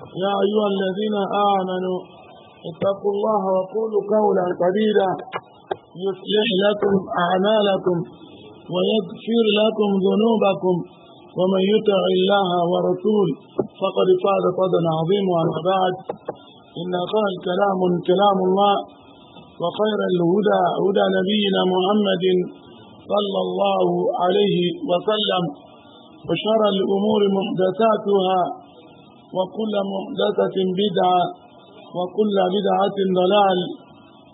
يا أيها الذين آمنوا اتقوا الله وقولوا قولا قديرا يصلح لكم أعمالكم ويغفر لكم ذنوبكم ومن يطع الله ورسوله فقد فاز فضا عظيما أما بعد إن قال كلام كلام الله وخير الهدى هدى نبينا محمد صلى الله عليه وسلم وشر الأمور محدثاتها وكل محدثة بدعة وكل بدعة ضلال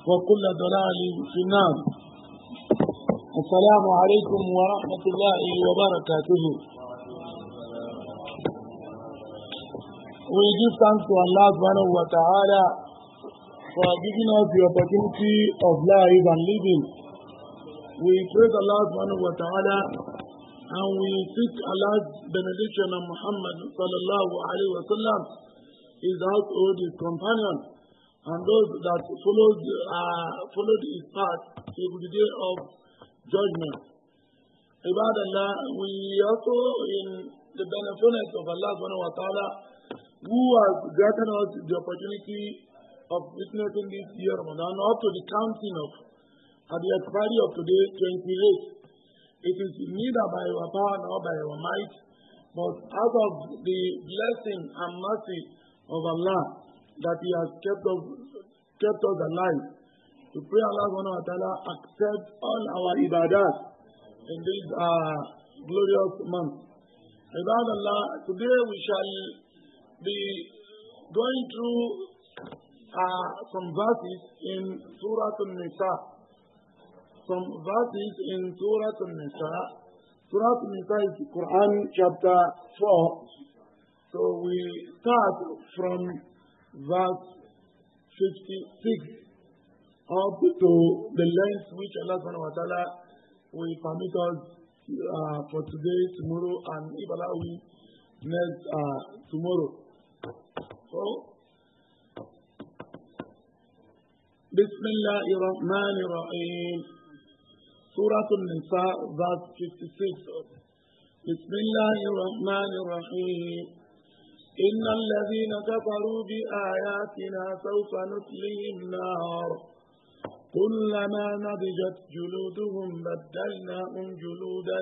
وكل ضلال في النار السلام عليكم ورحمة الله وبركاته We give thanks to Allah subhanahu wa ta'ala for giving us the opportunity of life and living. We praise Allah subhanahu wa ta'ala and we seek Allah's benediction on Muhammad sallallahu wa sallam, his household, his companion, and those that followed, uh, followed his path till the day of judgment. Ibad Allah, we also in the benevolence of Allah subhanahu wa ta'ala, who has granted us the opportunity of witnessing this year Ramadan up to the counting of at the expiry of today, twenty eighth. It is neither by your power nor by your might, but out of the blessing and mercy of Allah that He has kept us, kept us alive. To pray Allah subhanahu wa ta'ala accept all our ibadat in this uh, glorious month. Ibad Allah, today we shall be going through uh, some verses in Surah Al-Nisa. From that is in Surah An-Nisa. Surah An-Nisa is Quran chapter 4. So we start from verse 56 up to the length which Allah subhanahu wa ta'ala will permit us uh, for today, tomorrow, and if Allah will, next uh, tomorrow. So, بسم الله الرحمن الرحيم سورة النساء ذات 56 بسم الله الرحمن الرحيم إن الذين كفروا بآياتنا سوف نسليهم نار كلما نضجت جلودهم بدلناهم جلودا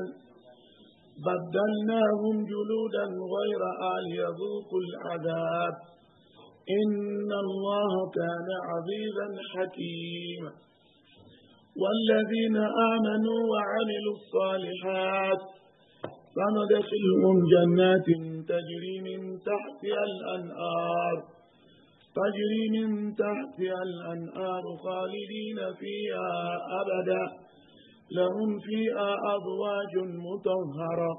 بدلناهم جلودا غير آل يذوقوا العذاب إن الله كان عزيزا حكيما والذين آمنوا وعملوا الصالحات فندخلهم جنات تجري من تحتها الأنهار تجري من تحتها الأنهار خالدين فيها أبدا لهم فيها أزواج مطهرة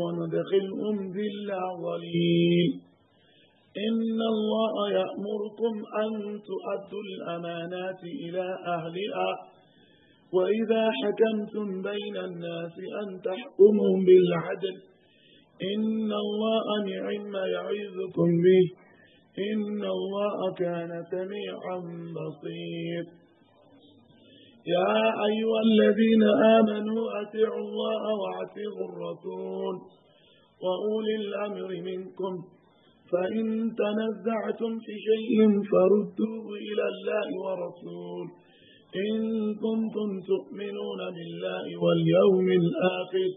وندخلهم ذلا ظليل إن الله يأمركم أن تؤدوا الأمانات إلى أهلها وإذا حكمتم بين الناس أن تحكموا بالعدل إن الله نعم يعظكم به إن الله كان سميعا بصير يا أيها الذين آمنوا أتعوا الله وأتعوا الرسول وأولي الأمر منكم فإن تنزعتم في شيء فردوه إلى الله ورسوله إن كنتم تؤمنون بالله واليوم الآخر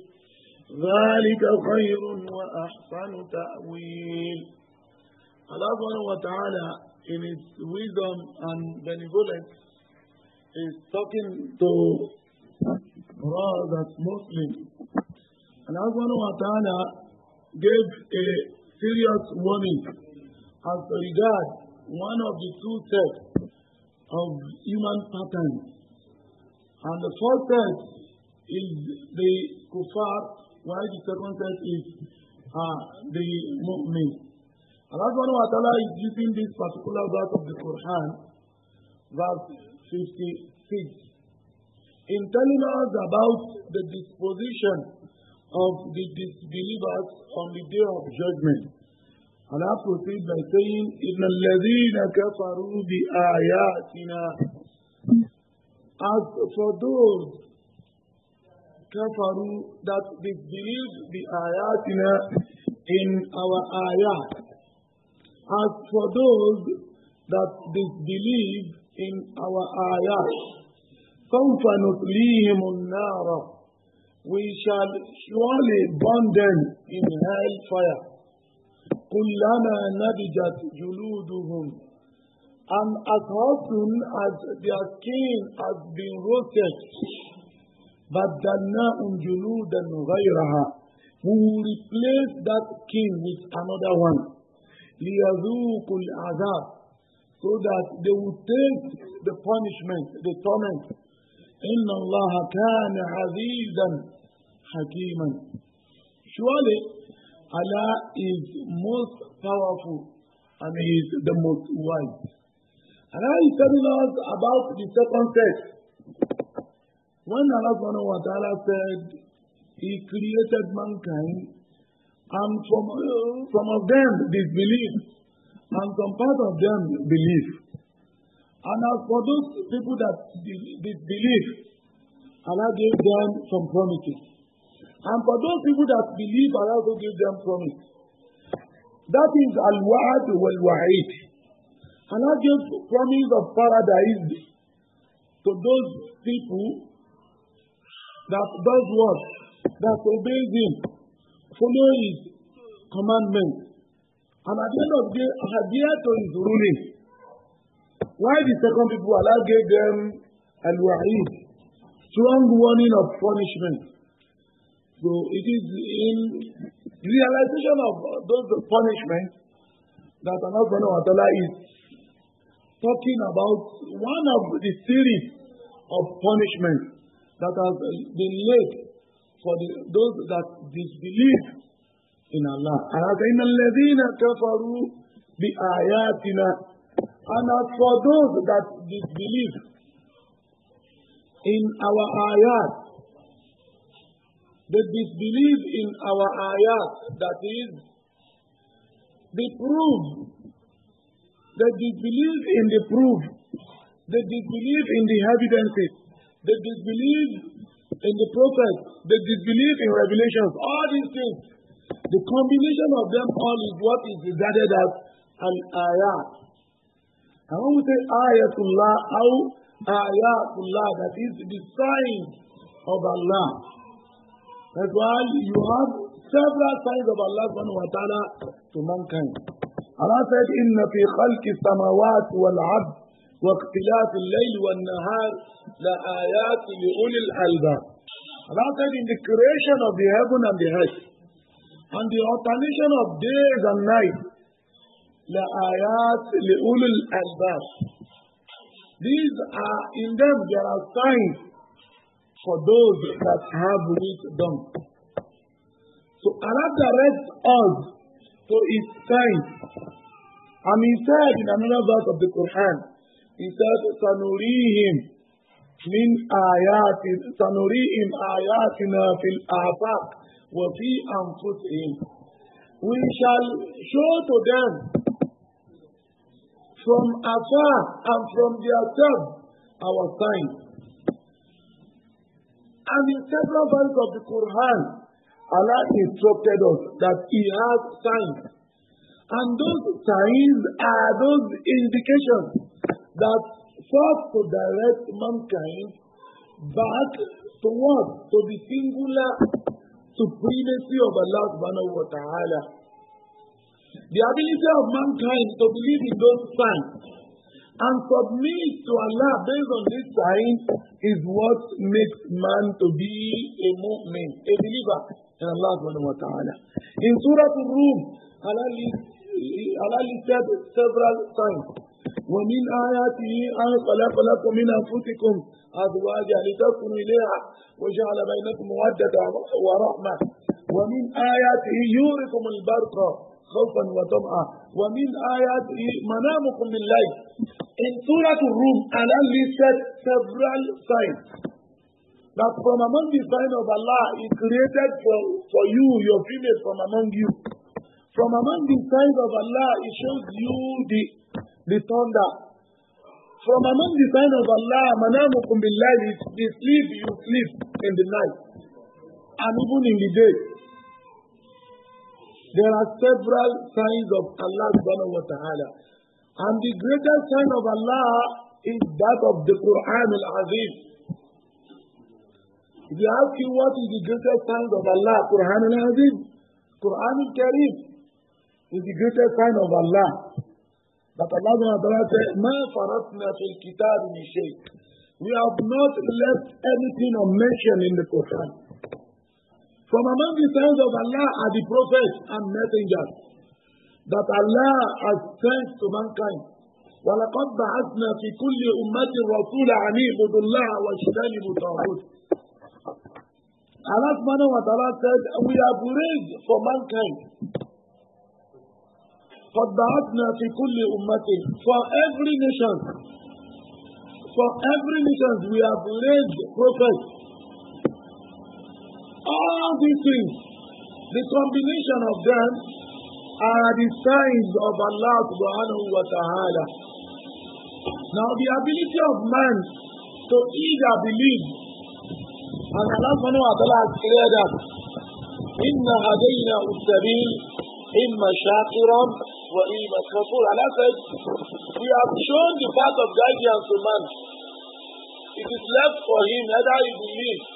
ذلك خير وأحسن تأويل Allah subhanahu wa ta'ala in his wisdom and benevolence is talking to brothers Muslims. And Allah subhanahu wa ta'ala gave a serious warning as regards one of the two texts of human pattern. And the fourth test is the kuffar, while the second test is uh, the mu'min. Allah subhanahu wa ta'ala is using this particular verse of the Quran, verse 56, in telling us about the disposition of the disbelievers on the day of judgment. فلا تصيب بشيء إن الذين كفروا بآياتنا as for those كفروا that disbelieve the ayatina in our آيات As for those that disbelieve in our آيات سوف نطليهم النار We shall surely burn them in hellfire. كلما نبجت جلودهم ام as از as از skin بدلناهم جلودا غيرها. We replace that king with another one. ليذوقوا العذاب so that they will take the punishment, the torment. إن الله كان عزيزا حكيما. Surely Allah is most powerful and He is the most wise. Allah is telling us about the second test. When Allah subhanahu wa ta'ala said He created mankind and from, uh, some of them disbelief and some part of them belief. And as for those people that disbelieve, Allah gave them some promises. And for those people that believe, I also give them promise. That is al-wa'ad wal-wa'id. And I give promise of paradise to those people that does what? That obeys him, follow his commandments. And at the end of the day, adhere to his ruling. Why the second people, Allah gave them al-wa'id, strong warning of punishment. So it is in realization of those punishments that Allah subhanahu wa is talking about one of the series of punishments that has been laid for the, those that disbelieve in Allah. And as for those that disbelieve in our ayat, They disbelieve in our ayat, that is, they prove. They disbelieve in the proof. They disbelieve in the evidences. They disbelieve in the prophet. They disbelieve in revelations. All these things. The combination of them all is what is regarded as an ayat. And when we say ayatullah, how ayatullah, that is the sign of Allah. That's why you have several signs of Allah subhanahu wa ta'ala to mankind. Allah said, إِنَّ فِي خَلْقِ السَّمَاوَاتِ وَالْعَبْدِ وَاخْتِلَافِ اللَّيْلِ وَالنَّهَارِ لَآيَاتِ لِأُولِي الْأَلْبَابِ Allah said, in the creation of the heaven and the earth, and the alternation of days and nights, لَآيَاتِ لِأُولِي الْأَلْبَابِ These are, in them there are signs for those that have wisdom. So Allah directs us to His signs. And He said in another verse of the Quran, He said, "Sanurihim min مِنْ Sanurihim سَنُرِيهِمْ fil فِي wa fi أَنفُسِهِمْ We shall show to them from afar and from their self our signs. And in several verses of the Quran, Allah instructed us that He has signs. And those signs are those indications that sought to direct mankind back towards to the singular supremacy of Allah subhanahu wa ta'ala. The ability of mankind to believe in those signs and submit to Allah based on this sign is what makes man to be a mu'min, a believer in Allah subhanahu wa ta'ala. In Surah Al-Rum, Allah, Allah listed several signs. ومن آياته أن خلق لكم من أنفسكم أزواجا لتسكنوا إليها وجعل بينكم مودة ورحمة ومن آياته يوركم البرق خوفا وطمعا ومن آياته منامكم بالليل In Surah Rum, Allah listed several signs that from among the signs of Allah, He created for, for you your females from among you. From among the signs of Allah, He shows you the, the thunder. From among the signs of Allah, manamukum billahi, the sleep you sleep in the night and even in the day. There are several signs of Allah subhanahu wa ta'ala. And the greatest sign of Allah is that of the Quran al-Azim. If you ask you what is the greatest sign of Allah, Quran al-Azim, Quran al-Karim is the greatest sign of Allah. But Allah subhanahu wa ta'ala says, مَا فَرَطْنَا فِي الْكِتَابِ مِنْ شَيْءٍ We have not left anything unmentioned in the Quran. From among the sons of Allah are the prophets and messengers that Allah has sent to mankind. ولقد بعثنا في كل أمة رسولا أن اعبدوا الله واجتنبوا الطاغوت. Allah subhanahu wa ta'ala said, We have raised for mankind. قد بعثنا في كل أمة for every nation. For every nation we have raised prophets all these things, the combination of them are the signs of Allah subhanahu wa ta'ala. Now the ability of man to either believe and Allah subhanahu wa ta'ala has cleared that: Inna hadayna usabil imma shakiran wa imma kafur. Allah said, we have shown the path of guidance to man. It is left for him whether he believes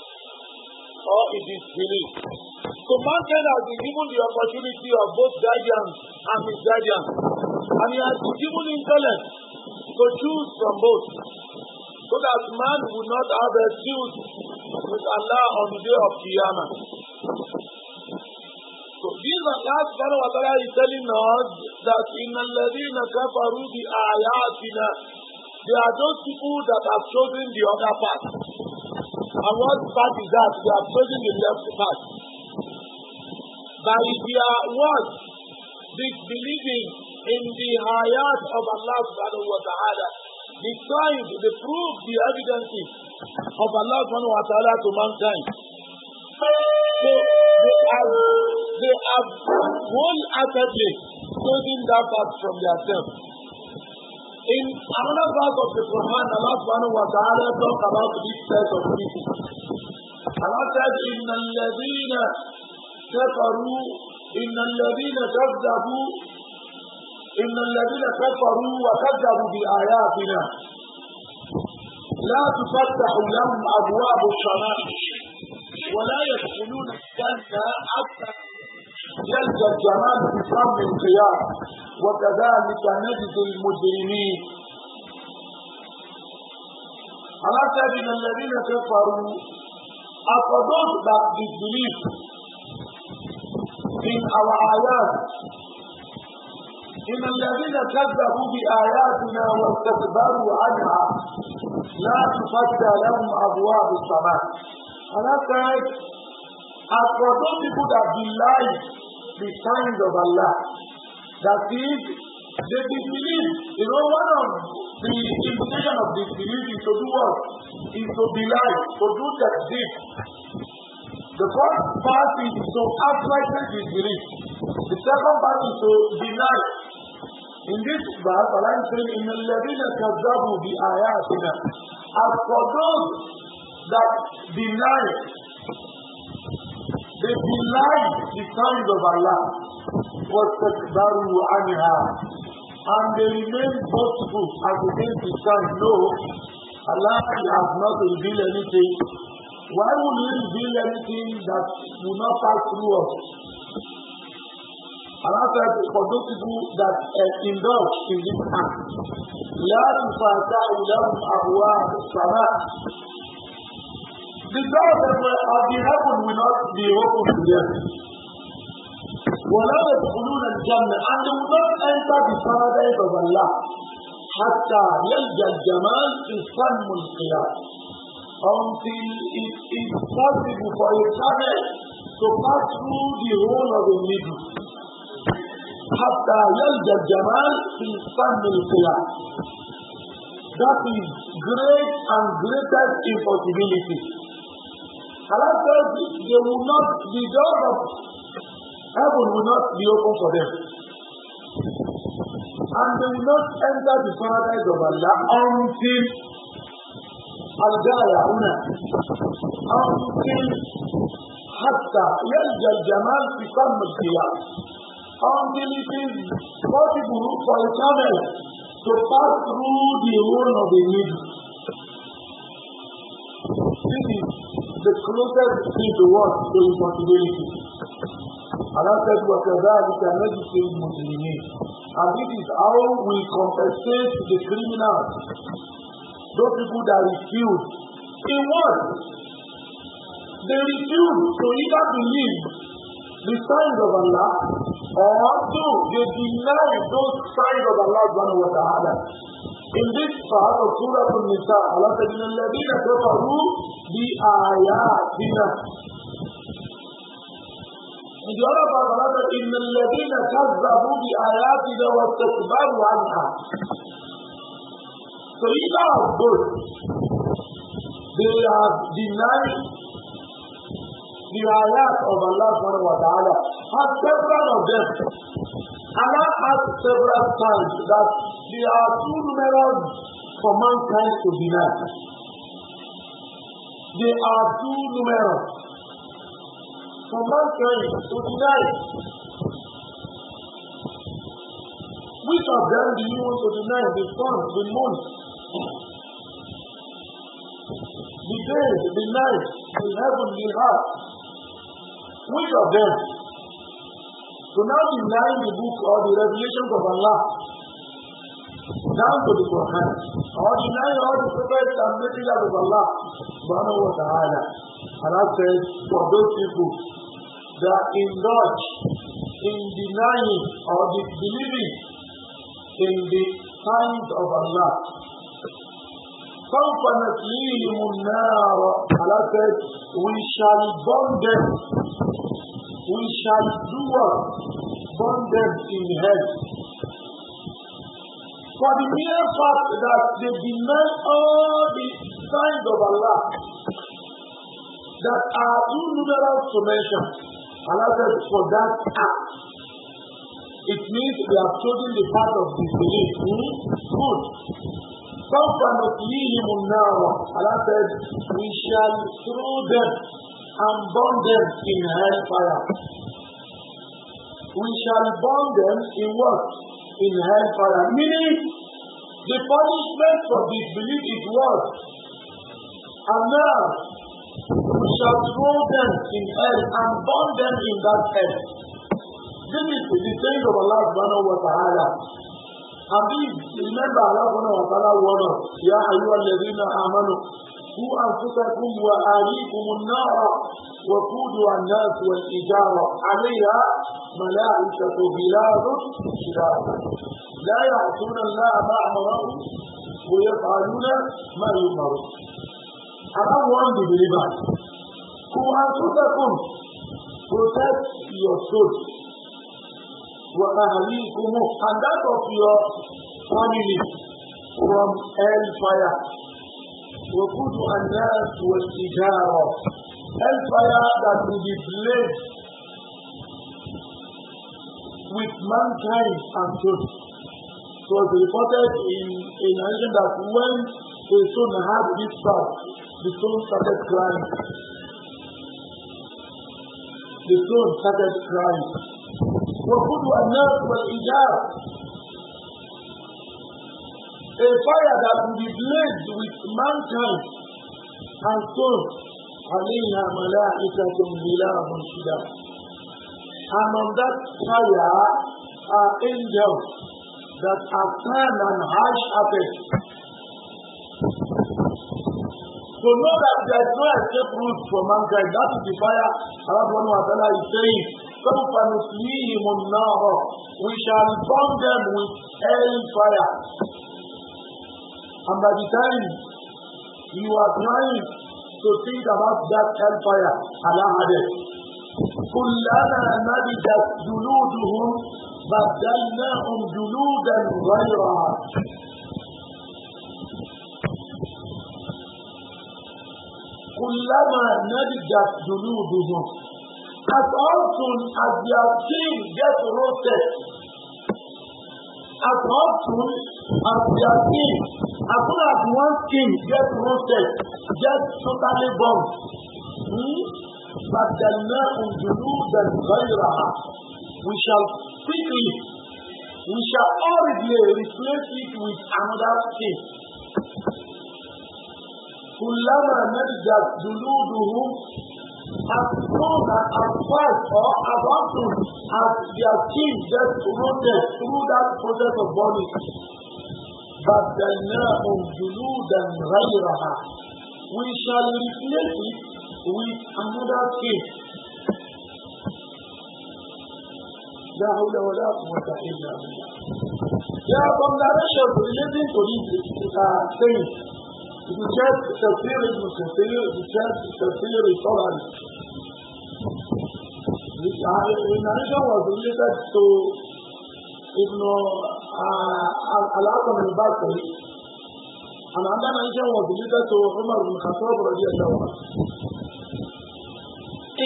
or in disbelief. So mankind has been given the opportunity of both guidance and misguidance. And he has been given intellect to choose from both. So that man would not have a excuse with Allah on the day of Qiyamah. So these are Allah subhanahu wa ta'ala is telling us that in الَّذِينَ كَفَرُوا بِآيَاتِنَا They are those people that have chosen the other path. And what part is that? You are praising the left part. That is their what? This believing in the hayat of Allah subhanahu wa ta'ala. The signs, the proof, the evidences of Allah subhanahu wa ta'ala to mankind. So they are, they are wholeheartedly taking that part from themselves. In another part of the Quran, Allah subhanahu wa ta'ala talk about this set of people. Allah says, إِنَّ الَّذِينَ كَفَرُوا إِنَّ الَّذِينَ كَذَّبُوا إِنَّ الَّذِينَ كَفَرُوا وَكَذَّبُوا بِآيَاتِنَا لا تفتح لهم أبواب السماء ولا يدخلون الجنة حتى يلقى الجمال في فم القيامة وكذلك نجد المجرمين Allah said in الذين كفروا after those that disbelieve in our ayat إن الذين كذبوا بآياتنا واستكبروا عنها لا تفتح لهم أبواب السماء Allah said as for those people that deny the signs of Allah That is, the disbelief. You know, one of the implication of disbelief is to do what? Is to belie, to do that deed. The first part is to outrightly disbelief. The second part is to deny. In this part, Allah is saying, In the Levina Kazabu, the Ayatina. As for those that deny They belied the signs of Allah, but وَاسْتَكْبَرُوا عَنْهَا And they remain boastful as against the sign. No, Allah has not revealed anything. Why would He reveal anything that will not pass through us? Allah said, for those people that uh, indulge in this act, لَا تُفَاتَعُ لَهُمْ أَبْوَابُ السَّمَاءِ The doors that were, have been opened will not be open to them. ولا يدخلون الجنة and they will not enter the paradise of Allah حتى يلجأ الجمال في سلم القيام until it is possible for a camel to pass through the hole of a needle. حتى يلجأ الجمال في سلم القيام That is great and greatest impossibility. Allah says they will not, the doors of heaven will not be open for them. And they will not enter the paradise of Allah until الجاية هنا until حتى يلجأ الجمال في قرن القيام until it is possible for a camel to pass through the hole of a needle the closer we feel what the responsibility. Allah said, وَكَذَلِكَ نَجْزِي الْمُجْرِمِينَ And this is how we compensate the criminals, those people that refuse. In what? They refuse to either believe the signs of Allah or to they deny those signs of Allah subhanahu wa ta'ala. البس فهذا سورة النساء ولكن من الذين كفروا بآياتنا جرب غلبة إن الذين كذبوا بآياتنا واستكبروا عنها فإذا these They have denied the ayat of Allah subhanahu wa ta'ala. Have several of them. Allah has several times that They are too numerous for mankind to be denied. They are too numerous for mankind to deny. Which of them do you want to deny? The sun, the moon, the day, the night, the heaven, the earth. Which of them? To so now deny the book or the revelations of Allah down to the Quran or deny all the prophets and messengers of Allah subhanahu wa ta'ala. Allah says, for those people that indulge in denying or disbelieving in the signs of Allah. سوف نسليهم النار على said we shall burn them we shall do what burn them in hell For the mere fact that they deny all the signs of Allah that are too numerous to mention, Allah says, for that act, it means they have chosen the path of disbelief. Hmm? Good. سوف نطليهم النار Allah says we shall throw them and burn them in hellfire we shall burn them in what? In hell hellfire. Meaning, the punishment for disbelief is what? And now, we shall throw them in hell and burn them in that hell. This is the saying of Allah subhanahu wa ta'ala. And this, remember Allah subhanahu wa ta'ala warned us, Ya ayyuha alladhina amanu, who anfusakum wa ahlikum an-nara وقودها الناس والإجارة عليها ملائكة بلاد شداد لا يعصون الله ما أمرهم ويفعلون ما يؤمرون أمام وأنت بالإيمان كو أنفسكم protect your soul وأهليكم and that of your family from hellfire وقودها الناس والإجارة Hellfire that will be blazed with mankind and truth. So it was reported in a narration that when a stone had this part, the stone started crying. The stone started crying. وقود الناس والإجار A fire that will be blazed with mankind and stones عليها ملائكة غلاظ شداد And on that fire are angels that are turned and harsh at it. To know that there is no escape route for mankind, that is the fire Allah Ta'ala is saying, "Come, ní sí ìmọ̀ náà, we shall burn them with hell fire. And by the time you are trying to think about that empire, Allah added, كلما نبدت جلودهم بدلناهم جلودا غيرها كلما نبدت جلودهم as often as their skin gets roasted as often as their skin As soon as one skin gets roasted, gets totally burnt, hmm? but then juludan ghayraha. We shall quickly, we shall hurriedly replace it with another skin. كلما نضجت جلودهم as strong and as fast or as often as their skin gets roasted through that process of burning. بدلناهم جلودا غيرها we shall replace it with another skin لا حول ولا قوة إلا بالله يا بنغلاديش الذين تريدون بجد تفسير المسافر بجد تفسير الطبعي يعني إن أنا شو أقول لك ابن الأرقم الباكري أنا عندنا إجا وبلدة عمر بن الخطاب رضي الله عنه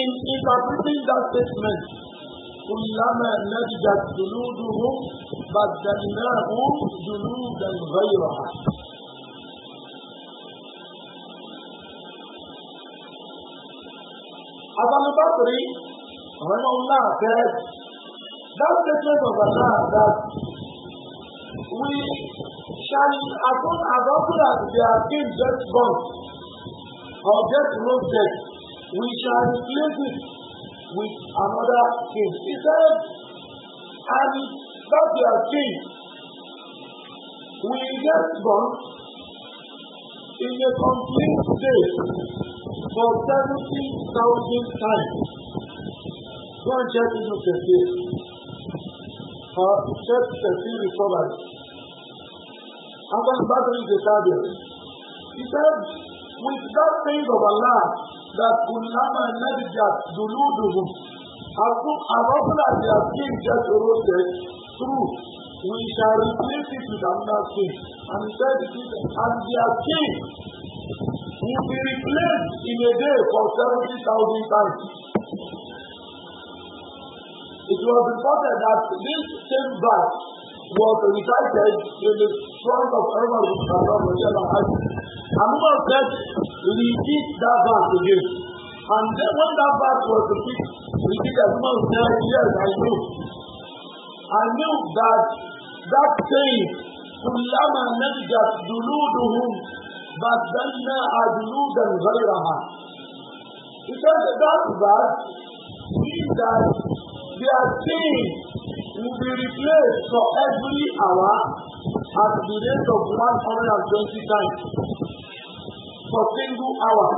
In interpreting that statement, كلما نضجت جلودهم بدلناهم جلودا غيرها. Adam Bakri, رحمه الله, said, That statement of Allah that we shall upon as often as they are being just born or just roasted, we shall replace it with another king. He said, and that their king we just born in a complete state for 70,000 times. Go and check into the case. Shep Shefir recovered. After the battle is decided, he said, with that thing of Allah, that Ulama Nadjat Duluduhu, as often as their king just roasted through, we shall replace it with another king." And he said, and their king will be replaced in a day for 70,000 times. It was reported that this same verse was recited in the front of Umar and Umar said, repeat that verse again. And then when that verse was repeated, repeated Umar said, yes, I knew. I knew that that saying, كلما نضجت جلودهم بدلنا جلودا غيرها. Because that verse means that their sins will be replaced for every hour at the rate of one hundred and twenty times. For single hour,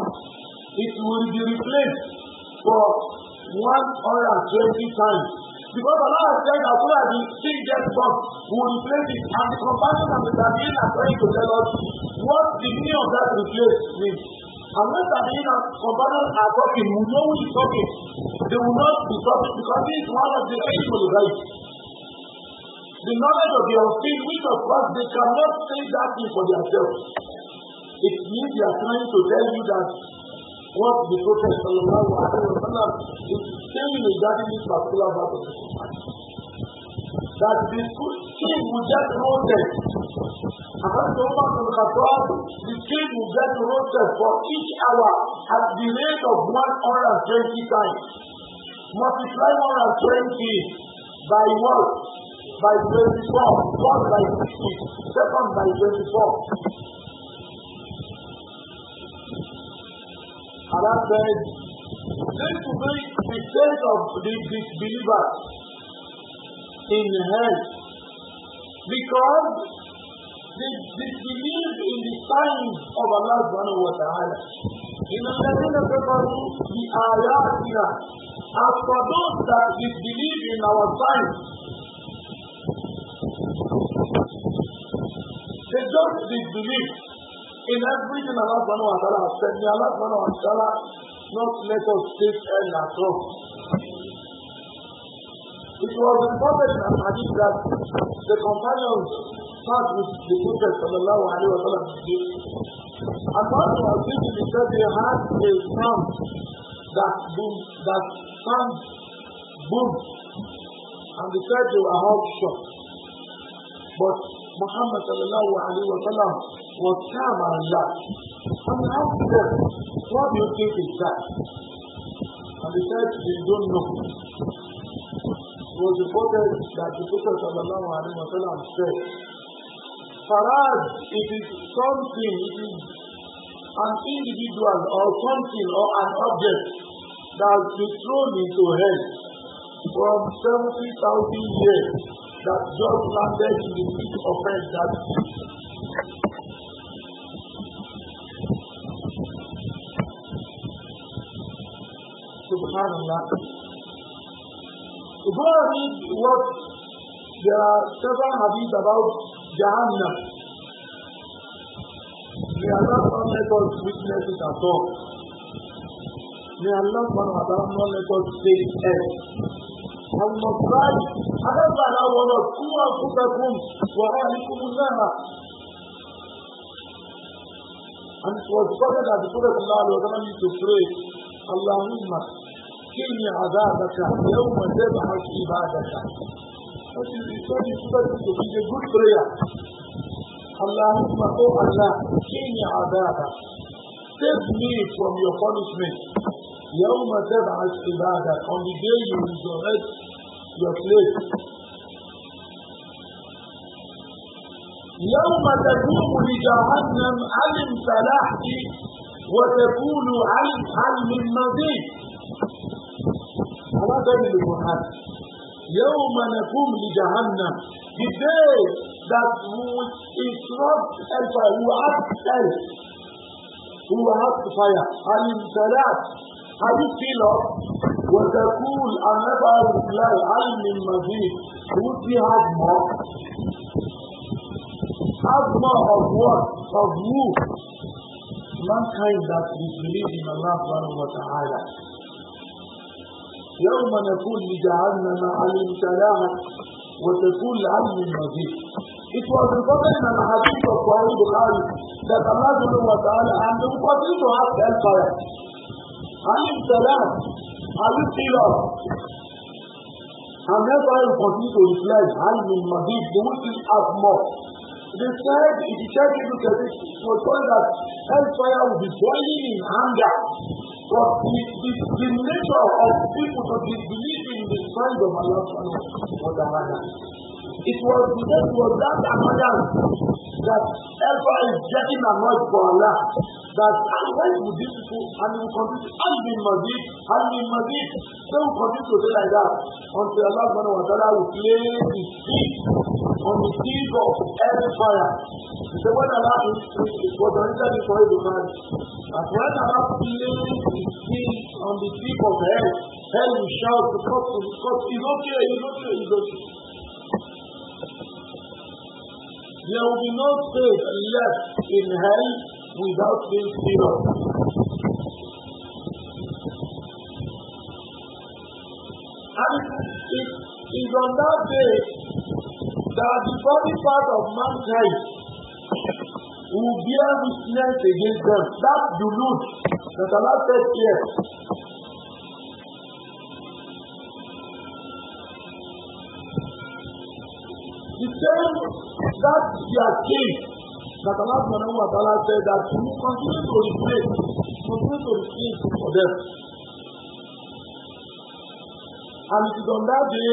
it will be replaced for one hundred and twenty times. Because Allah has said that so that the sin gets born, we will replace it. And the compassion of the Sabine are trying to tell us what the meaning of that replace means. Unless I mean that companions are talking, we know who is talking. They will not be talking because this is one of the faithful rights. The knowledge of the sin, of course they cannot say that thing for themselves. It means they are trying to tell you that what the Prophet Sallallahu Alaihi Wasallam is saying regarding this particular matter. That the good thing will just rotate Hazrat Umar the king will get roasted for each hour at the rate of 120 times. Multiply 120 by what? By 24. One by 60. Second by 24. Allah said, This will be the state of the disbelievers in hell. Because They, believe in the signs of Allah subhanahu wa ta'ala. In the Ladina Kafaru, the Ayatina. As for those that disbelieve in our signs, they just disbelieve in everything Allah subhanahu wa ta'ala has said. May Allah subhanahu wa ta'ala not let us take end at all. It was reported in Hadith that the companions charged with the Prophet sallallahu alayhi wa sallam did. And also, I think it is they had a sound that boom, that sound boom, and they said they were all shocked. But Muhammad sallallahu alayhi wa sallam was calm and laughed. And he asked them, what do you think is that? And they said, they don't know. It was reported that the Prophet sallallahu alayhi wa sallam said, Faraj, it is something, it is an individual or something or an object that has been thrown into hell from 70,000 years that just landed in the pit of hell that Subhanallah. To go read what there are several hadiths about Jahannam. May Allah not let us witness at all. May Allah not let us face it. And not try. However, I want to go and put a room for Ahlikum And it was better that the Prophet Allah used to pray, Allahumma, kini azabaka, yawma tab'as ibadaka. So this person to be a good prayer. Allahumma, O oh Allah, kini adaba. Save me from your punishment. يوم تبعث عبادك on the day you resurrect your place يوم تقوم لجهنم عن امتلحت وتقول عن حل من مزيد هذا دليل المحدث يوم نقوم لجهنم the day that we will instruct hellfire we will ask hell we will ask fire هل امتلأت هل fill up وتقول another reply هل من مزيد would we have more have more of what of who mankind that is believing Allah subhanahu wa ta'ala يوم نقول لجهنم عن امتلاعك وتقول عن المزيد It was reported in the hadith of Sahih Bukhari that Allah subhanahu wa ta'ala and they will to have hellfire. Alim Salam, Alim Salam. And that's why we continue to reflect Alim Madid, they will still have more. They said, if you check it, look at it, it was told that hellfire will be boiling in anger. But the, the, the nature of people to disbelieve in the signs of Allah was Ramadan. It was because it was that Ramadan that ever is getting annoyed for Allah that when you do this and you continue to ask the Masjid, and the Masjid, Then will continue to say like that until Allah subhanahu wa ta'ala will play his feet on the seat of every fire. He say, when Allah is was oriented before his man, and when Allah placed his feet on the tip of hell, hell will shout because, because it's okay, it's okay, it's okay. There will be no space left in hell without being hero. And it is on that day that the body part of mankind will bear witness against them. That delude that Allah said here. The same that are king That Allah subhanahu wa ta'ala said that you continue to refrain, continue to refrain for them. And it is on that day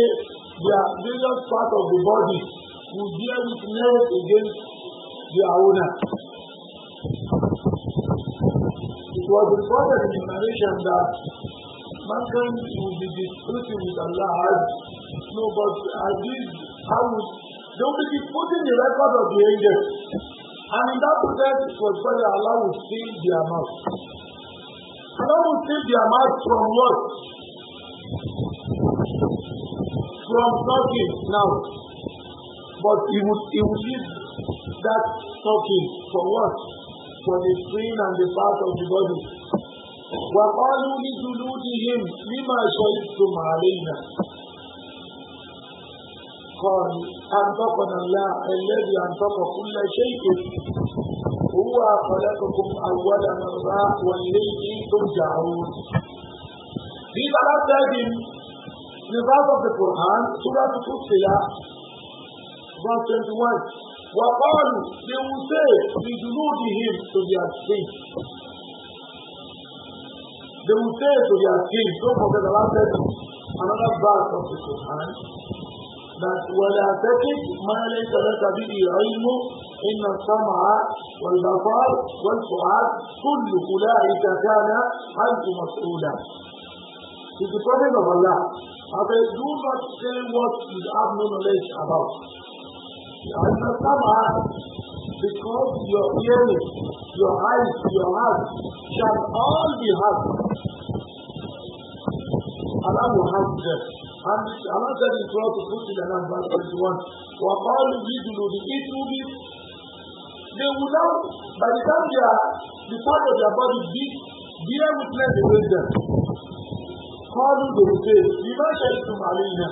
their various parts of the body will bear witness against their owner. It was reported in the narration that mankind will be disputing with Allah as no, but as this, how would they will be putting the record of the angels. And in that process, was prayer, Allah will seal their mouth. Allah will seal their mouth from what? From talking now. But he would, he would use that talking for what? For the spleen and the part of the body. وقالوا لجلودهم لما شهدتم علينا قال أنطقنا الله الذي أنطق كل شيء هو خلقكم أول مرة وإليه ترجعون في بلد دادين نظام القرآن سورة فصلة verse 21 وقالوا they will say لجنودهم to their king they will say to their king don't forget about that another verse of the Quran ولا تكف ما ليس لك به علم إن السمع والبصر والفؤاد كل أولئك كان عنه مسؤولا في the of Allah. Okay, do not say what you have no knowledge about. And the Sama, because your ears, your eyes, your heart shall all be heard. Allah will have And Allah said in Surah to Fusil and verse 21, وَقَالُوا لِجُلُودِ إِذْنُبِ They will now, by the time they are, the part of their body big, bear witness against them. قَالُوا they will say, لِمَا شَهِدْتُمْ عَلَيْنَا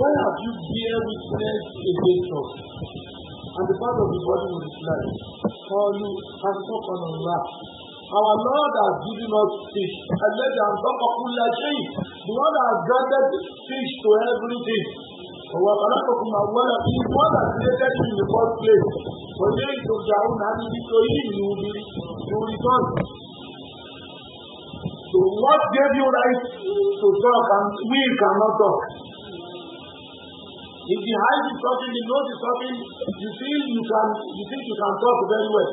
Why have you bear witness against us? And the part of the body will reply, قَالُوا on اللَّهُ Our Lord has given us fish. And let them talk of fish. The Lord has granted fish to everything. وخلقكم أول في ولا created in the first place. وإليه ترجعون هذه الشيء you return. So what gave you right to talk and we cannot talk? If you hide the talking, you know the talking, you feel you can, you think you can talk very well.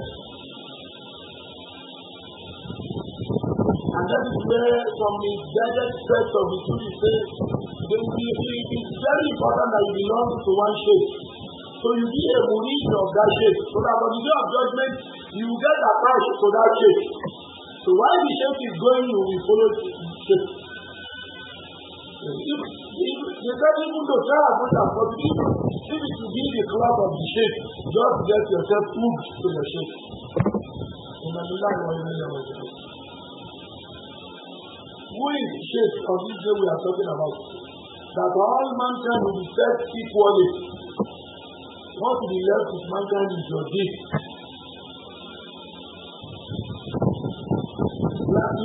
And that is where from the guided text of the two says, it is very important that you belong to one shape. So you be a murid of that shape. So that on the day of judgment, you will get attached to that shape. So while the shape is going, you will follow the shape. If, you the person who does try as much as possible, if it be the club of the shape, just get yourself moved to the shape. In the middle of the Who is of this day we are talking about? That all mankind will be set equally. What to be left with mankind is your deed.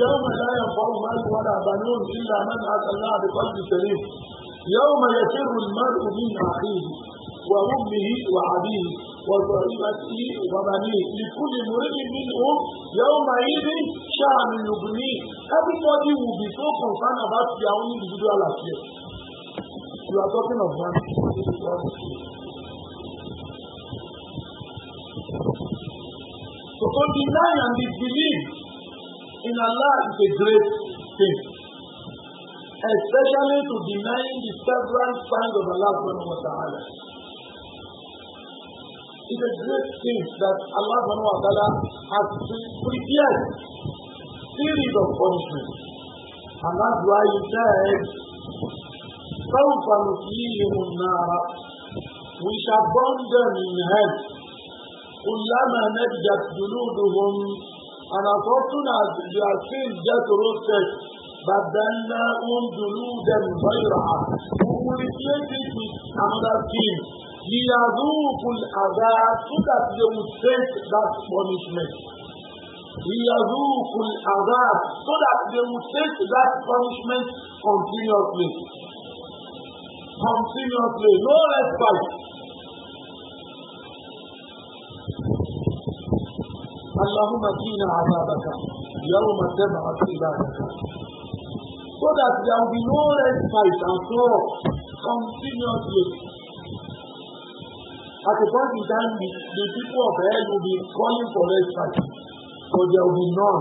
يوم لا ينفع مال ولا بنون إلا من أتى الله بقلب سليم يوم يفر المرء من أخيه وأمه وعبيه والطائفة وبنيه لكل مريد منهم يومئذ شأن يغنيه Everybody will be so concerned about their own individual affairs. You are talking of one. So to deny and disbelieve in Allah is a great thing. Especially to deny the several signs of Allah subhanahu wa ta'ala is a great thing that Allah subhanahu ta'ala has prepared series of punishments. And that's why he said, سوف نسليهم النار we shall burn them in hell كلما نجت جلودهم and as often as their sins get roasted but then بدلناهم جلودا غيرها we will replace it with another skin ليذوقوا العذاب so that they would take that punishment. ليذوقوا العذاب so that they would take that punishment continuously. Continuously, no respite. اللهم قنا عذابك يوم تبعث عبادك so that there will be no less respite and so continuously At the point in time, the, the people of hell will be calling for rescue, but there will be none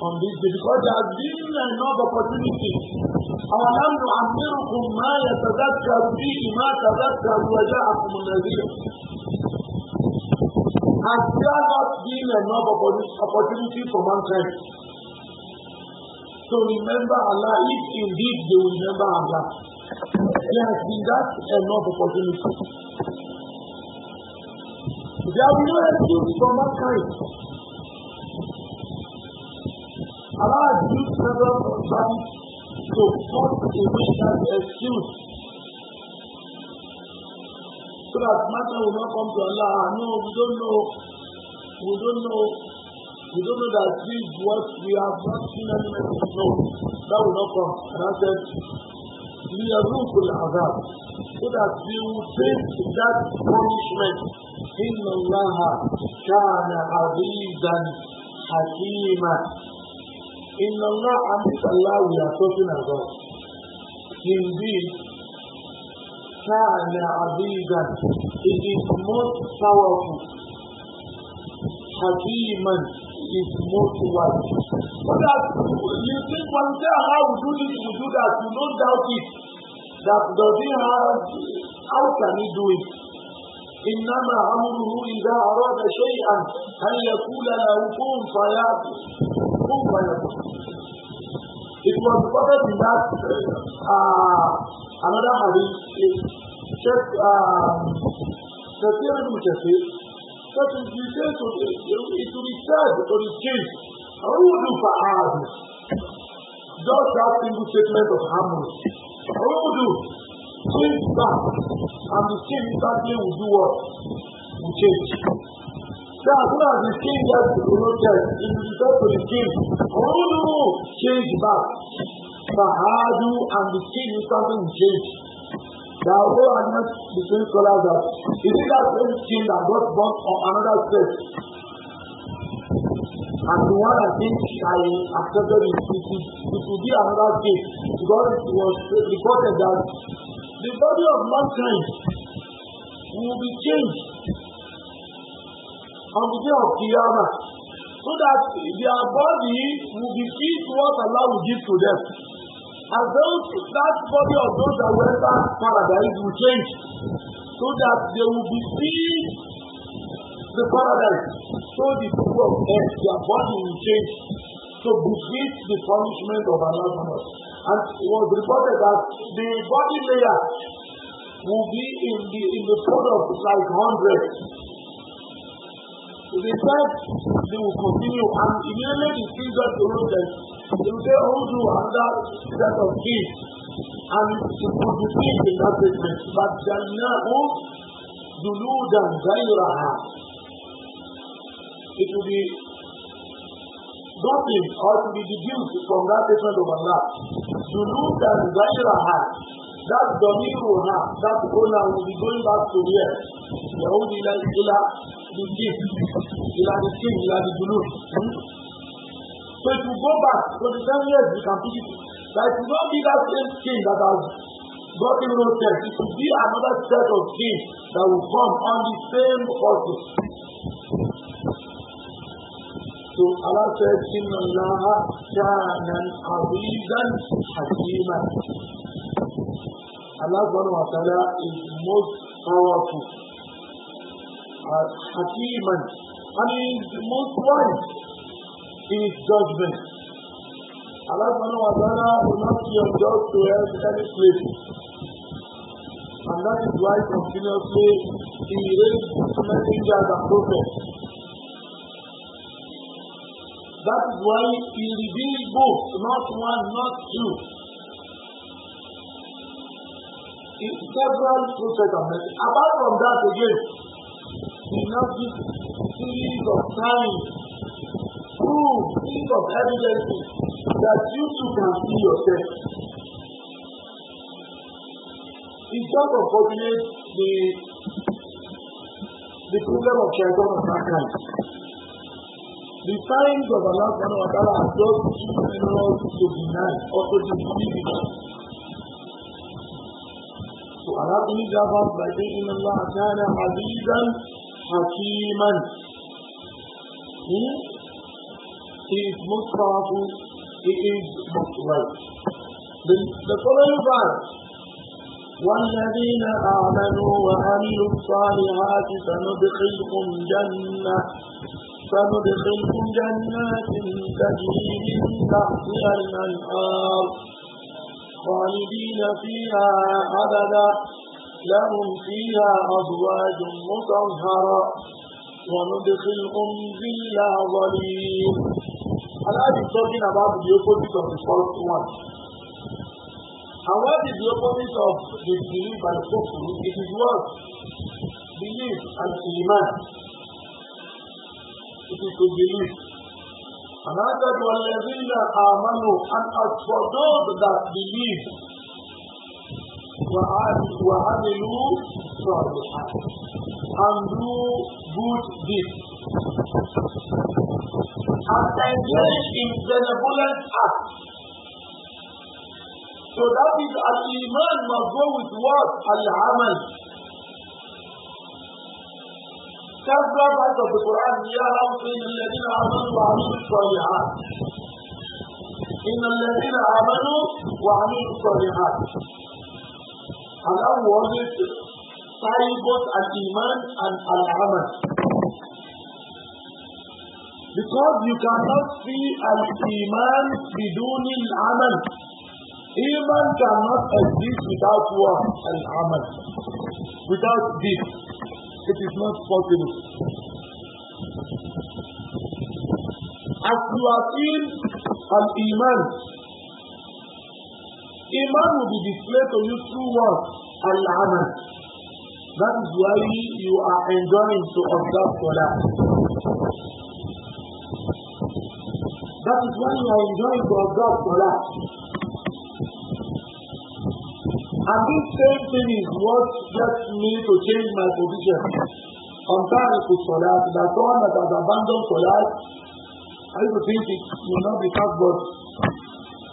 on this day because there has been enough opportunity. Our land to أمركم ما يتذكر فيه ما تذكر وجاءكم النذير. Has there not been enough opportunity for mankind? So remember Allah if indeed they remember Allah. There has been that enough opportunity. There will be no excuse from that kind. Allah has used several times to cut away that excuse. So that matter will not come to Allah. No, we don't know. We don't know. We don't know that this what we have not seen any message. No, that will not come. And I said, we are ruled to the Azab. So that we will take that punishment إن الله كان عزيزا حكيما إن الله عزيز الله يعطينا ذلك Indeed, كان عزيزا It is most powerful حكيما is most wise. So that you think one day how we do this, we do that, you don't doubt it. That does he have, how can he do it? إنما أمره إذا أراد شيئا أن يقول له كن فيكون It was reported in that uh, another hadith is Sheikh uh, Kathir ibn Kathir that is he says to the it will be said to the king Rudu fa'ad just that single statement of harmony do? change back. And the skin instantly will do what? Will change. So as soon as the skin gets promoted, it will go to the skin. Oh no! Change back. Sahadu and the skin instantly will change. There are no agreement between scholars that is it that same skin that got born on another state? and the one I think I accepted is it, it, it would be another case because it was reported that the body of mankind will be changed on the day of Qiyamah so that their body will be fit what Allah will give to them. And those, that body of those that were enter paradise will change so that they will be fit the paradise. So the people of earth, their body will change to defeat the punishment of anathemas. And it was reported that the body layer will be in the in the fold of like hundred. So they said they will continue and immediately the king got them. They will say, Who oh, do another set of kids? And it could be seen in that statement. But Jannahu Duludan Zairaha. It will be nothing or to be deduced from that statement of Allah. To look at the Zashira had, that Domiru had, that Gona will be going back to where The only Ila Ila the Jib, Ila the Jib, Ila the Julu. So if you go back 27 years, you can see it. That it will not be that same thing that has got him no sense. It will be another set of things that will come on the same horses so aláṣẹ tí ń lọ ṣáàna àbíyàn àkíyàn alágbọ́nà àtàlá is most powerful àkíyàn uh, and is most wise in his judgment alágbọ́nà àtàlá will not be unjust to any place and that is why continuously he raised messengers and prophets. That is why he reveals both, not one, not two. In several prophets and Apart from that, again, he now gives series of signs, proof, series of evidences that you too can see yourself. It's just unfortunate the the problem of Shaitan and mankind. The signs of Allah subhanahu wa ta'ala are just too numerous to deny, or to be significant. So Allah believes that verse by saying, إِنَّ اللَّهَ كَانَ عَزِيزًا حَكِيمًا He is most powerful, He is most right. The, the following verse, والذين آمنوا وعملوا الصالحات سندخلهم جنة سندخلكم جنات تجري من تحتها الأنهار خالدين فيها أبدا لهم فيها أزواج مطهرة وندخلهم ظلا ظليل Allah is talking about the opposite of the first one. And what is the opposite of the belief and hope? It is what? Belief and iman títí to believe. And I said, وَالَّذِينَ آمَنُوا and as for those that believe, وَعَمِلُوا صَالِحَاتٍ and do good deeds. And engage in benevolent acts. So that is al-Iman must go with what? Al-Amal sábà bá jọ gbogbo àti yàrá òfin ilẹ̀ nínú àmọ́nù wà ní ìsọ̀rọ̀ ha. ìnàlẹ̀ nínú àmọ́nù wà ní ìsọ̀rọ̀ ha. aláwọ̀ ọdún ti sáyé both an iman and an Because you cannot see an iman بدون العمل. Iman cannot exist without work and Without deeds. It is not possible. As you are in an iman, iman will be displayed to you through what? Al-amal. That is why you are enjoying to observe Salah. That is why you are enjoying to observe Salah. And this same thing is what gets me to change my position. On tariff to Salat, that one that has abandoned Salat, I used to think it will not be tough, but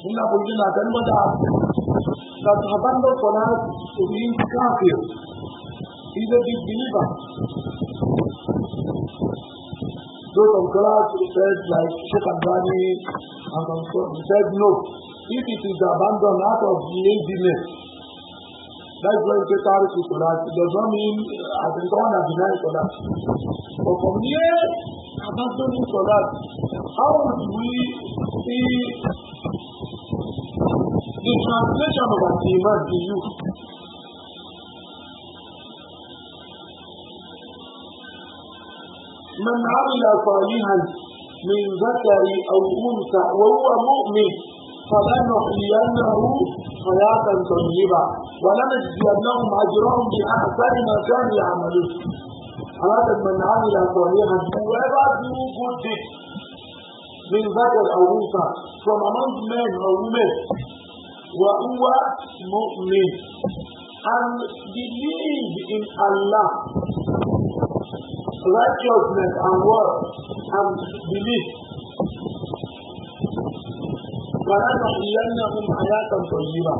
in that position, that tell that that to abandon Salat means kafir. He's a big believer. So some scholars said, like Sheikh Andani, and some scholars said, no. If it is abandoned out of laziness, That's why we say Tariq for Salat. It does not mean I've been gone and denied Salat. But from here, for Salat, how do we see the translation of an Iman to you? من عمل صالحا من ذكر أو أنثى وهو مؤمن فلنحيينه حياة طيبة ولنجزينهم أجرهم بأحسن ما كانوا يعملون هذا من عمل صالحا whoever do good deeds من ذكر أو أنثى from among men or women وهو مؤمن and believe in Allah righteousness and work and belief وَلَنَحْيَنَّهُمْ حَيَاةً طَيِّبَةً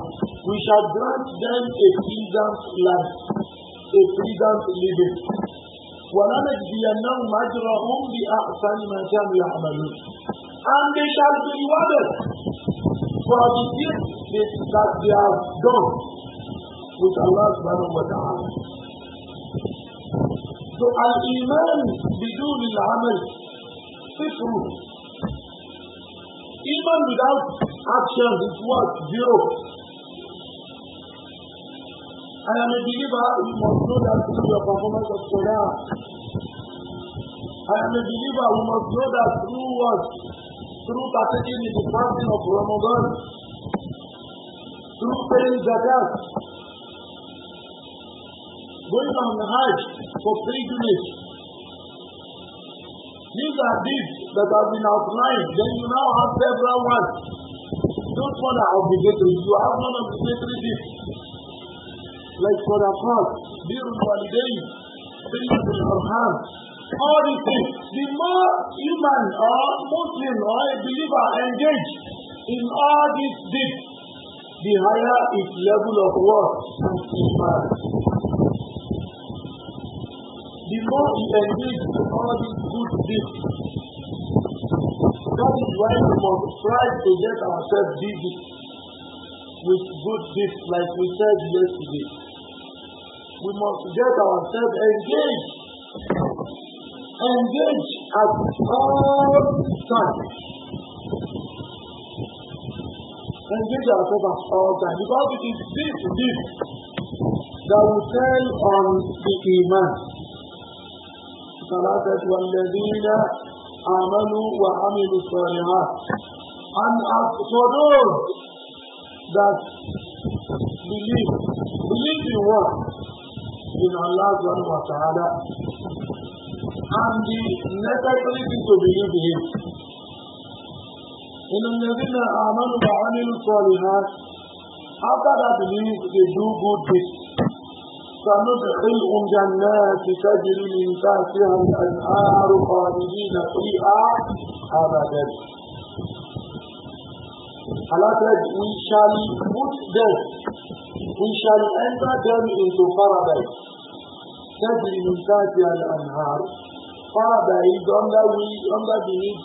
We shall grant them a pleasant life, a pleasant living. وَلَنَجْزِيَنَّهُمْ أَجْرَهُمْ بِأَحْسَنِ مَا كَانُوا يَعْمَلُونَ And they shall be rewarded for the deeds that they have done with Allah subhanahu wa ta'ala. So al-Iman بدون العمل صفر Religion without actions, is what? Zero. I am a believer, you must know that through your performance of prayer. I am a believer, we must know that through what? Through partaking in the fasting of Ramadan, through paying zakat, going on the Hajj for pilgrimage. These are deeds that have been outlined, then you now have several ones. Those ones are obligatory. You have non obligatory gifts. Like for the first, Bill Waliday, of Arham. All these things. The more human or Muslim or a believer engage in all these deeds, the higher its level of work and The more he engages in all these good deeds, That is why we must try to get ourselves busy with good deeds, like we said yesterday. We must get ourselves engaged. Engaged at all times. Engage ourselves at all times because it is this gift that will tell on the Iman. صلاة والذين آمنوا وعملوا الصالحات and as for those that believe believe in what in Allah subhanahu wa ta'ala and the necessary thing to believe in him إن الذين wa وعملوا الصالحات after that belief they do good deeds سندخلهم جنات تجري من تحتها الانهار خالدين فيها ابدا حالات ان شاء الله مدد ان شاء الله انت جميل فرابي تجري من تحتها الانهار فرابي دون ذا وي دون ذا بيج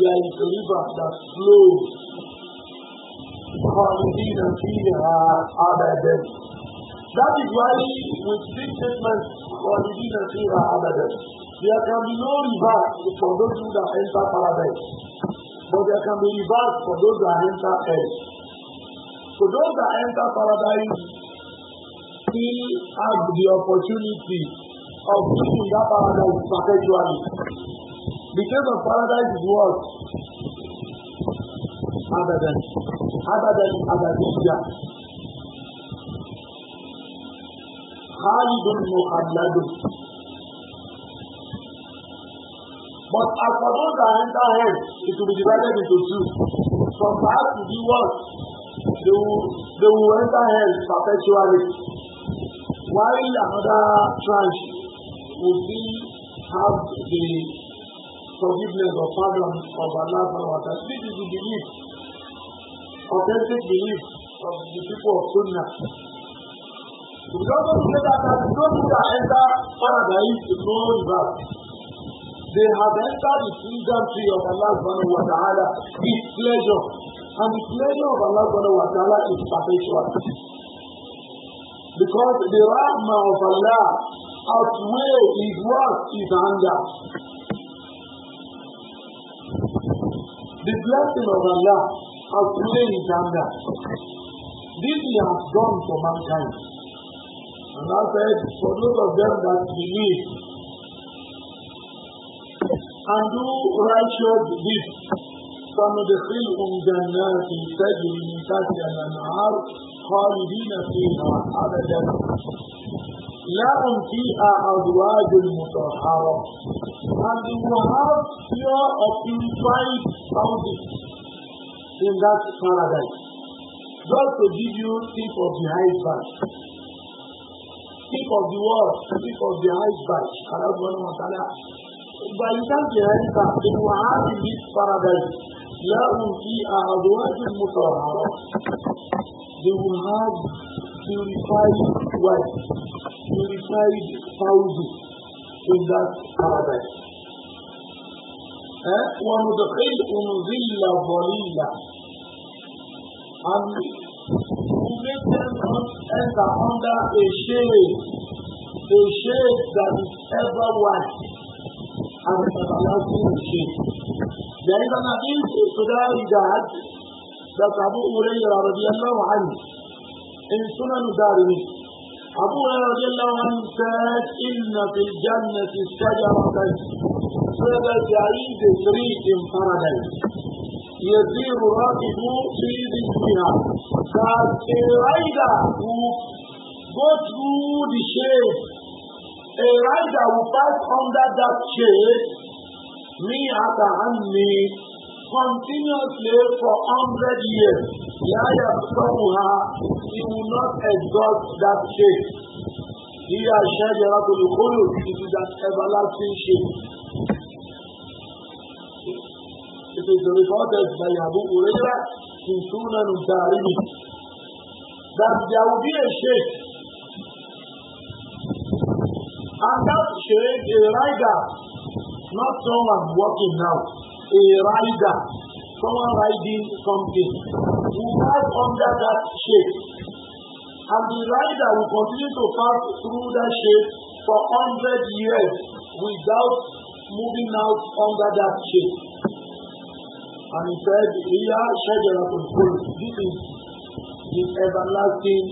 There is a river that flows خالدين فيها ابدا That is why we speak statements or religion and fear are evident. There can be no reverse for those who that enter paradise. But there can be reverse for those that enter hell. So those that enter paradise still have the opportunity of keeping that paradise perpetually. Because of paradise is what? Abadan. Abadan is Abadisia. khalidun mukhalladun. But as for those that enter hell, it will be divided into two. Some perhaps to be one, they will, they will enter hell perpetually. While another tranche will be have the forgiveness or pardon of Allah subhanahu wa ta'ala. This is the belief, authentic belief of the people of Sunnah. So because of later that those who are enter paradise to know about. They have entered the freedom tree of Allah subhanahu wa ta'ala, his pleasure. And the pleasure of Allah subhanahu wa ta'ala is perpetual. Because the rahmah of Allah outweigh his wrath, his anger. The blessing of Allah outweigh his anger. This he has done for mankind. And I said, for those of them that believe and do righteous deeds, some of the the said فندخلهم جنات تجري من تحتها الانهار خالدين فيها ابدا لهم فيها ازواج مطهره and they will have pure or purified houses in that paradise. Just to give you tip of the iceberg tip of the world, the tip of the iceberg. By the time the iceberg, they will have in this paradise, لهم فيها أزواج مطهرات. They will have purified wives, purified spouses in that paradise. Eh? وندخلهم ظل ظليلا. And make them not enter under a shade, a shade that is ever white, and everlasting shade. There is an hadith to that regard that Abu Hurairah radiallahu anhu in Sunan Darimi. Abu Hurairah radiallahu anhu said, إن في الجنة شجرة فلت يعيد الريح in paradise. يسير راكب في ذكرها that a rider will go through the shade. A rider will pass under that shade, me at and me, continuously for hundred years. Yaya Samuha, he will not exhaust that shade. He has shared the This is an everlasting shade. pé ìjọba ọ̀dọ̀ ìgbà ìyàbò òrẹ́rà kì í tún nánu dàrí mi. That there will be a shake. And a rider, not someone walking now, a rider, someone riding something, who pass under that shape, And the rider will continue to pass through that shape for hundred years without moving out under that shape. And he said, Iya Shajaratul Khuld. This is the everlasting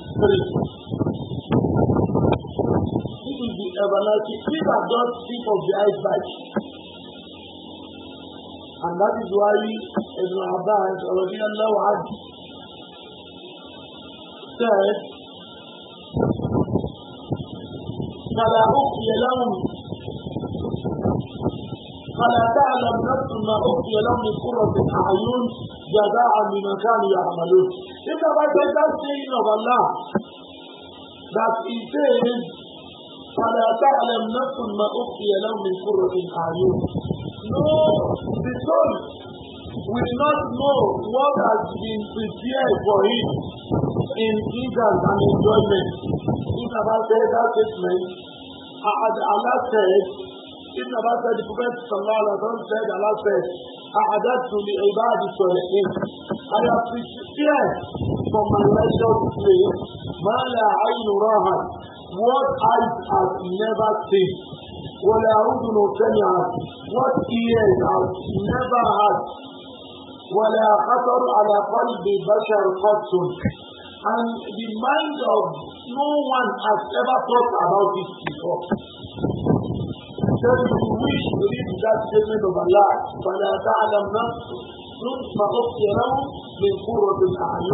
spirit. This is the everlasting. These are just tip of the iceberg. And that is why Ibn Abbas, radiallahu anhu, said, فلا أخفي لهم فلا تعلم نفس ما أخفي لهم من قرة أعين جزاء بما كانوا يعملون إذا بعد ذلك of Allah that he says فلا تعلم نفس ما أخفي لهم من قرة أعين No, the soul will not know what has been prepared for him in eagerness and enjoyment. Think about that statement. Allah said, Ibn Abbas said, the Prophet sallallahu alaihi wasallam said, Allah said, "Ahadat to the I have prepared for my leisure slave, ما لا عين rahat, what I have never seen, ولا أذن سمعت, what ears have never heard, ولا خطر على قلب بشر قط, and the mind of no one has ever thought about this before. Then you wish to read that statement of Allah فلا تعلم نفس ما أخفي لهم من قرة الأعين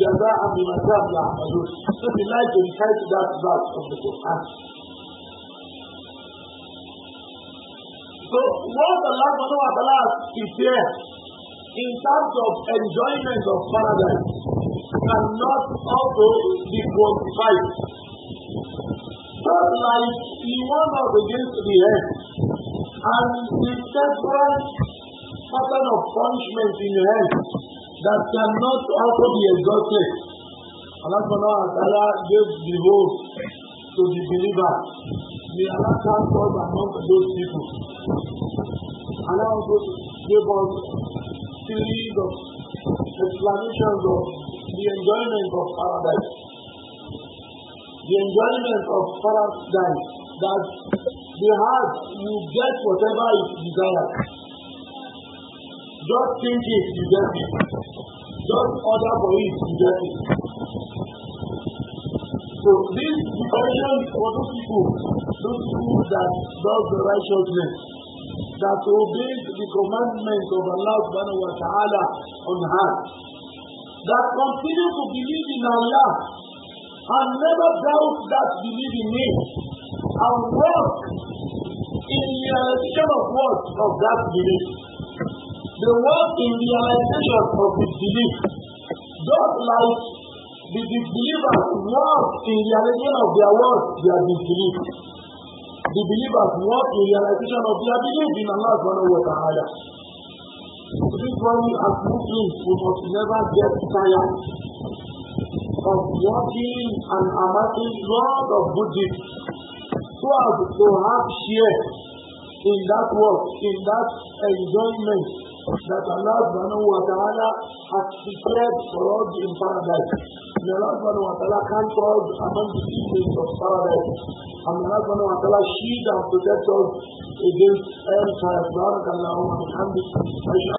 جزاء بما كانوا يعملون. So the like to recite that verse of the Quran. So what Allah subhanahu wa ta'ala is there in terms of enjoyment of paradise cannot also be quantified But like he won out against the earth, and the separate pattern of punishment in the head that cannot also be exhausted. And subhanahu wa ta'ala gave the hope to the believer. May Allah count us among those people. Allah also gave us series of explanations of the enjoyment of paradise the enjoyment of Sarah's life that the heart you get whatever it desires. Just think it, you get it. Just order for it, you get it. So this depression for those people, those people that does the righteousness, that obeys the commandment of Allah subhanahu wa ta'ala on heart, that continue to believe in Allah I never doubt that believe in me. I walk in the realization of what? Of that belief. The walk in the realization of this belief. Just like the disbelievers walk in the realization of their words, their disbelief. The believers walk in realization of their belief in Allah subhanahu wa ta'ala. This is why we as Muslims we must never get tired of working and amassing lots of good deeds so as to have share in that work, in that enjoyment that Allah subhanahu wa ta'ala has prepared for us in paradise. May Allah subhanahu wa ta'ala count us among the inmates of paradise. And Allah subhanahu wa ta'ala shield and protect us against hellfire. Subhanahu wa ta'ala.